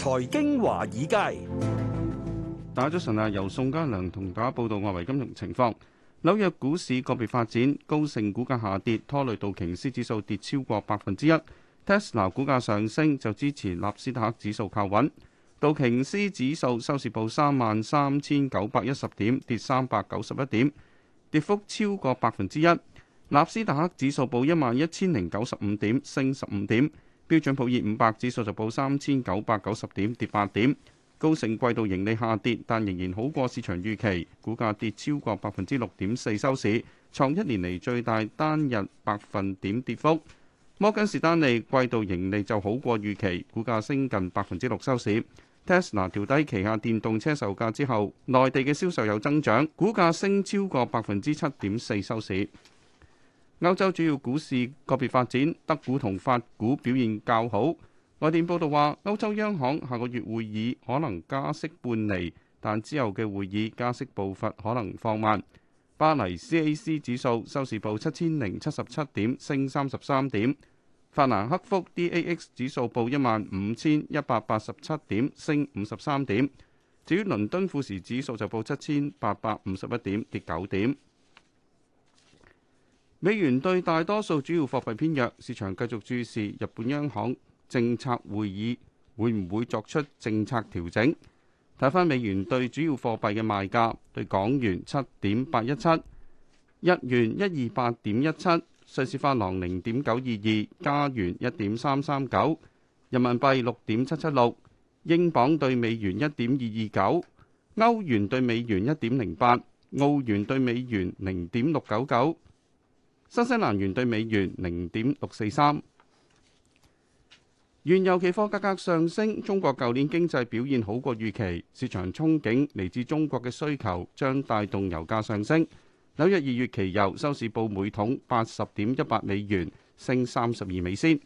財經華爾街大家早晨啊，由宋家良同大家報道外圍金融情況。紐約股市個別發展，高盛股價下跌，拖累道瓊斯指數跌超過百分之一。Tesla 股價上升，就支持納斯達克指數靠穩。道瓊斯指數收市報三萬三千九百一十點，跌三百九十一點，跌幅超過百分之一。納斯達克指數報一萬一千零九十五點，升十五點。標準普爾五百指數就報三千九百九十點，跌八點。高盛季度盈利下跌，但仍然好過市場預期，股價跌超過百分之六點四收市，創一年嚟最大單日百分點跌幅。摩根士丹利季度盈利就好過預期，股價升近百分之六收市。Tesla 調低旗下電動車售價之後，內地嘅銷售有增長，股價升超過百分之七點四收市。歐洲主要股市個別發展，德股同法股表現較好。外電報導話，歐洲央行下個月會議可能加息半釐，但之後嘅會議加息步伐可能放慢。巴黎 CAC 指數收市報七千零七十七點，升三十三點。法蘭克福 DAX 指數報一萬五千一百八十七點，升五十三點。至於倫敦富時指數就報七千八百五十一點，跌九點。美元對大多數主要貨幣偏弱，市場繼續注視日本央行政策會議會唔會作出政策調整。睇返美元對主要貨幣嘅賣價，對港元七點八一七，日元一二八點一七，瑞士法郎零點九二二，加元一點三三九，人民幣六點七七六，英鎊對美元一點二二九，歐元對美元一點零八，澳元對美元零點六九九。新西蘭元對美元零點六四三，原油期貨價格上升。中國舊年經濟表現好過預期，市場憧憬嚟自中國嘅需求將帶動油價上升。紐約二月期油收市報每桶八十點一八美元，升三十二美仙。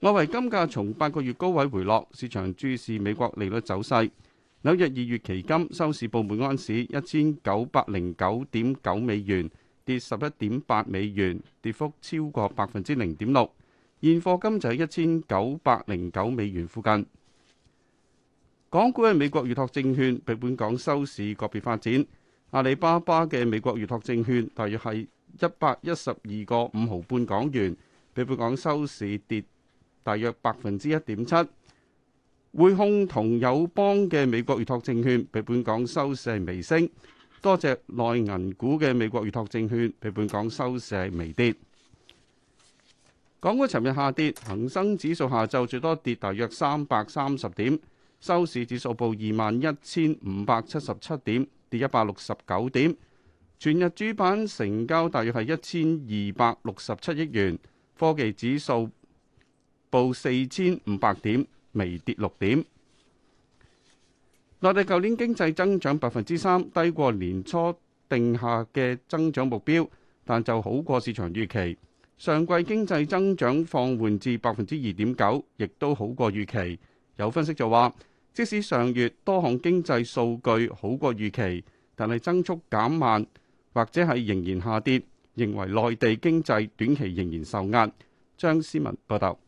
外圍金價從八個月高位回落，市場注視美國利率走勢。紐約二月期金收市報每安士一千九百零九點九美元。跌十一點八美元，跌幅超過百分之零點六。現貨金就喺一千九百零九美元附近。港股嘅美國預託證券比本港收市個別發展。阿里巴巴嘅美國預託證券大約係一百一十二個五毫半港元，比本港收市跌大約百分之一點七。匯控同友邦嘅美國預託證券比本港收市係微升。多隻內銀股嘅美國預託證券被本港收市微跌。港股尋日下跌，恒生指數下晝最多跌大約三百三十點，收市指數報二萬一千五百七十七點，跌一百六十九點。全日主板成交大約係一千二百六十七億元，科技指數報四千五百點，微跌六點。內地舊年經濟增長百分之三，低過年初定下嘅增長目標，但就好過市場預期。上季經濟增長放緩至百分之二點九，亦都好過預期。有分析就話，即使上月多項經濟數據好過預期，但係增速減慢或者係仍然下跌，認為內地經濟短期仍然受壓。張思文報道，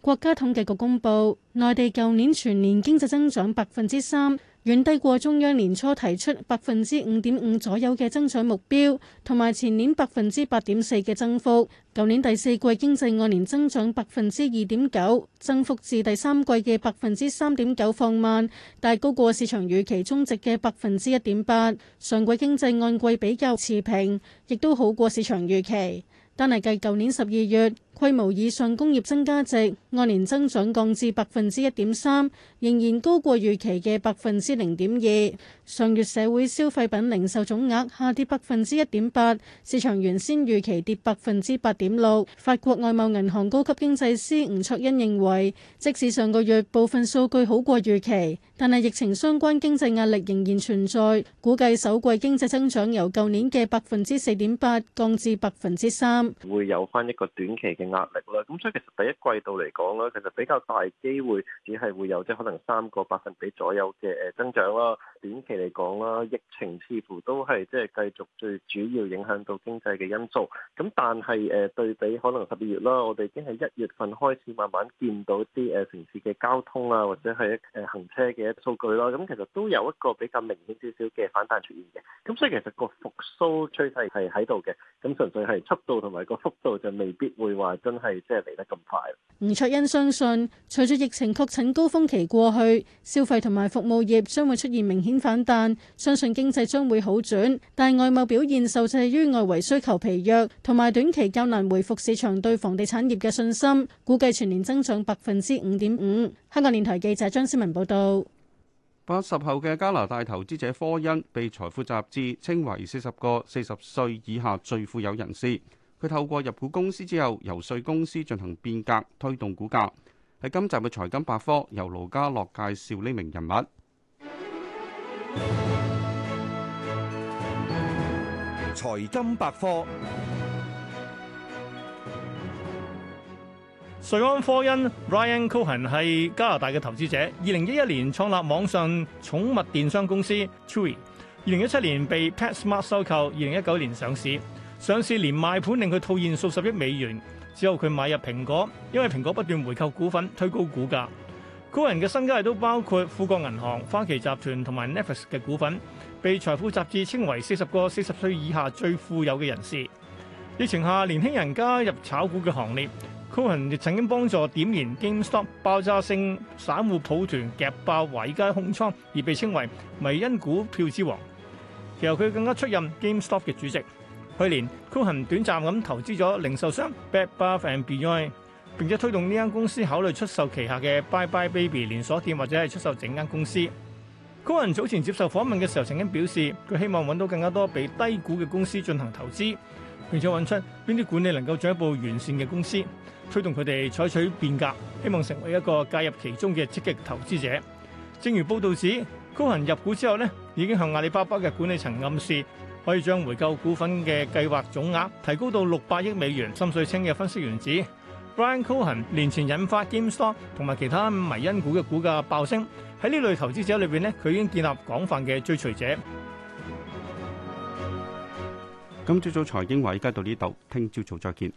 國家統計局公佈，內地舊年全年經濟增長百分之三。遠低過中央年初提出百分之五點五左右嘅增長目標，同埋前年百分之八點四嘅增幅。舊年第四季經濟按年增長百分之二點九，增幅至第三季嘅百分之三點九放慢，但高過市場預期中值嘅百分之一點八。上季經濟按季比較持平，亦都好過市場預期，但係計舊年十二月，規模以上工業增加值按年增長降至百分之一點三，仍然高過預期嘅百分之零點二。上月社會消費品零售總額下跌百分之一點八，市場原先預期跌百分之八點六。法國外貿銀行高級經濟師吳卓欣認為，即使上個月部分數據好過預期，但係疫情相關經濟壓力仍然存在，估計首季經濟增長由舊年嘅百分之四點八降至百分之三，會有返一個短期嘅壓力啦。咁所以其實第一季度嚟講咧，其實比較大機會只係會有即可能三個百分比左右嘅增長啦，短期。嚟講啦，疫情似乎都係即係繼續最主要影響到經濟嘅因素。咁但係誒對比可能十二月啦，我哋已經係一月份開始慢慢見到啲誒城市嘅交通啊，或者係誒行車嘅數據啦。咁其實都有一個比較明顯少少嘅反彈出現嘅。咁所以其實個復甦趨勢係喺度嘅。咁純粹係速度同埋個幅度就未必會話真係即係嚟得咁快。吳卓恩相信，隨住疫情確診高峰期過去，消費同埋服務業將會出現明顯反彈，相信經濟將會好轉。但外貿表現受制於外圍需求疲弱，同埋短期較難回復市場對房地產業嘅信心，估計全年增長百分之五點五。香港電台記者張思文報道。八十後嘅加拿大投資者科恩被《財富》雜誌稱為四十個四十歲以下最富有人士。佢透過入股公司之後，游說公司進行變革，推動股價。喺今集嘅財金百科，由盧家樂介紹呢名人物。財金百科，瑞安科恩 （Ryan Cohen） 係加拿大嘅投資者。二零一一年創立網上寵物電商公司 Chewy，二零一七年被 PetSmart 收購。二零一九年上市。上市連賣盤令佢套現數十億美元之後，佢買入蘋果，因為蘋果不斷回購股份推高股價。Cohen 嘅身家亦都包括富國銀行、花旗集團同埋 Netflix 嘅股份，被財富雜誌稱為四十個四十歲以下最富有嘅人士。疫情下年輕人加入炒股嘅行列，Cohen 亦曾經幫助點燃 GameStop 爆炸性散戶抱團夾爆維佳空倉，而被稱為迷因股票之王。其實佢更加出任 GameStop 嘅主席。去年高恒短暫咁投資咗零售商 Bed Bath and Beyond，並且推動呢間公司考慮出售旗下嘅 Bye Bye Baby 連鎖店或者係出售整間公司。高恒早前接受訪問嘅時候，曾經表示佢希望揾到更加多被低估嘅公司進行投資，並且揾出邊啲管理能夠進一步完善嘅公司，推動佢哋採取變革，希望成為一個介入其中嘅積極投資者。正如報道指，高恒入股之後已經向阿里巴巴嘅管理層暗示可以將回購股份嘅計劃總額提高到六百億美元。深水清嘅分析員指 Brian Cohen 年前引發 GameStop 同埋其他迷因股嘅股價爆升，喺呢類投資者裏邊呢，佢已經建立廣泛嘅追隨者。今朝早財經話依家到呢度，聽朝早再見。